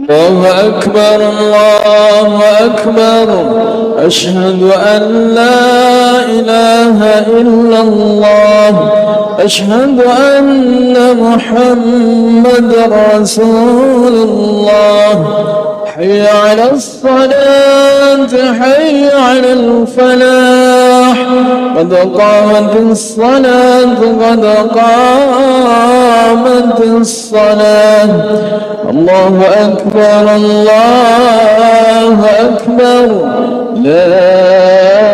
الله أكبر الله أكبر أشهد أن لا إله إلا الله أشهد أن محمد رسول الله حي على الصلاة حي على الفلاح قد قامت الصلاة قد قامت الصلاة الله أكبر الله أكبر لا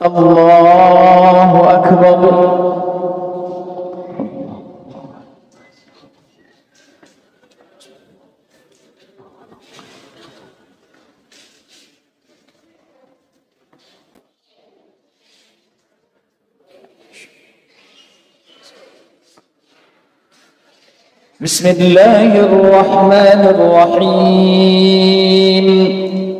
الله أكبر بسم الله الرحمن الرحيم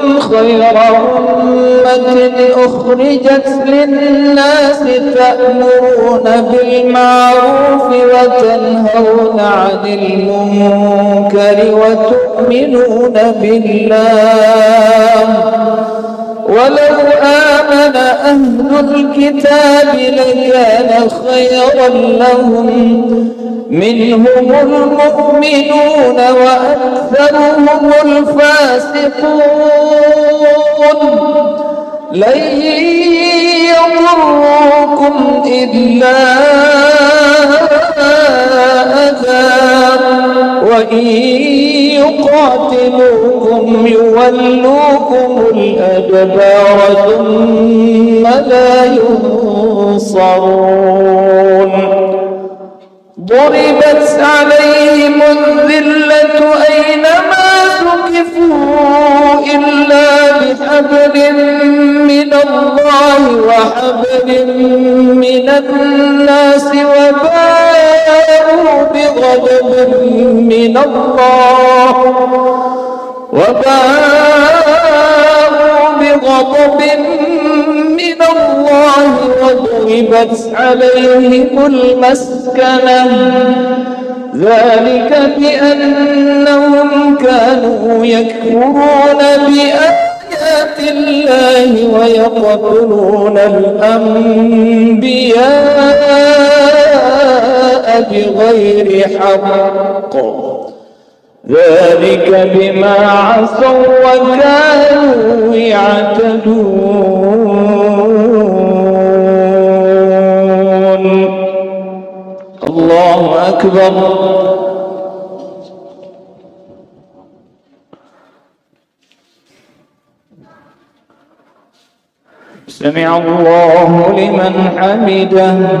خير أمة أخرجت للناس تأمرون بالمعروف وتنهون عن المنكر وتؤمنون بالله ولو آمن أهل الكتاب لكان خيرا لهم منهم المؤمنون وأكثرهم الفاسقون لن يضركم إلا أذى وإن يقاتلوكم يولوكم الأدبار ثم لا ينصرون ضربت عليهم الذلة أينما سكفوا إلا بحبل من الله وحبل من الناس وباءوا بغضب من الله وباءوا بغضب من الله وضربت عليهم المسكنة ذلك بأنهم كانوا يكفرون بآيات الله ويقتلون الأنبياء بغير حق ذلك بما عصوا وكانوا يعتدون الله أكبر سمع الله لمن حمده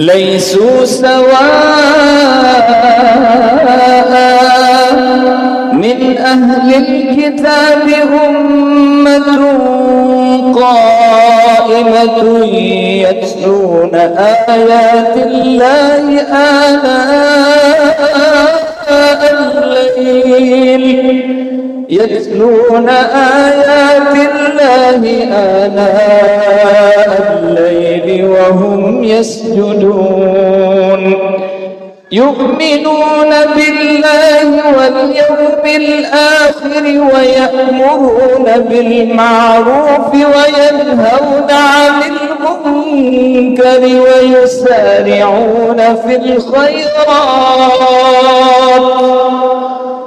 ليسوا سواء من أهل الكتاب أمة قائمة يتلون آيات الله آناء الليل يتلون آيات الله آناء الليل وهم يسجدون يؤمنون بالله واليوم الآخر ويأمرون بالمعروف وينهون عن المنكر ويسارعون في الخيرات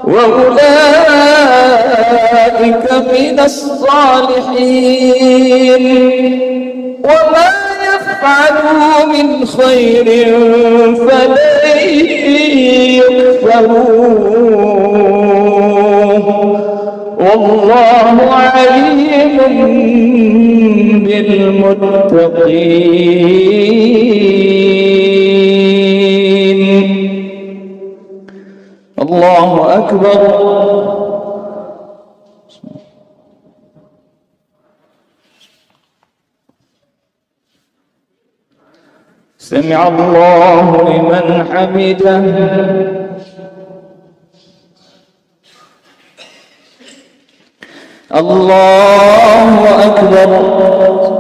وأولئك من الصالحين يفعلوا من خير فلن يكفروه والله عليم بالمتقين الله أكبر سمع الله لمن حمده الله أكبر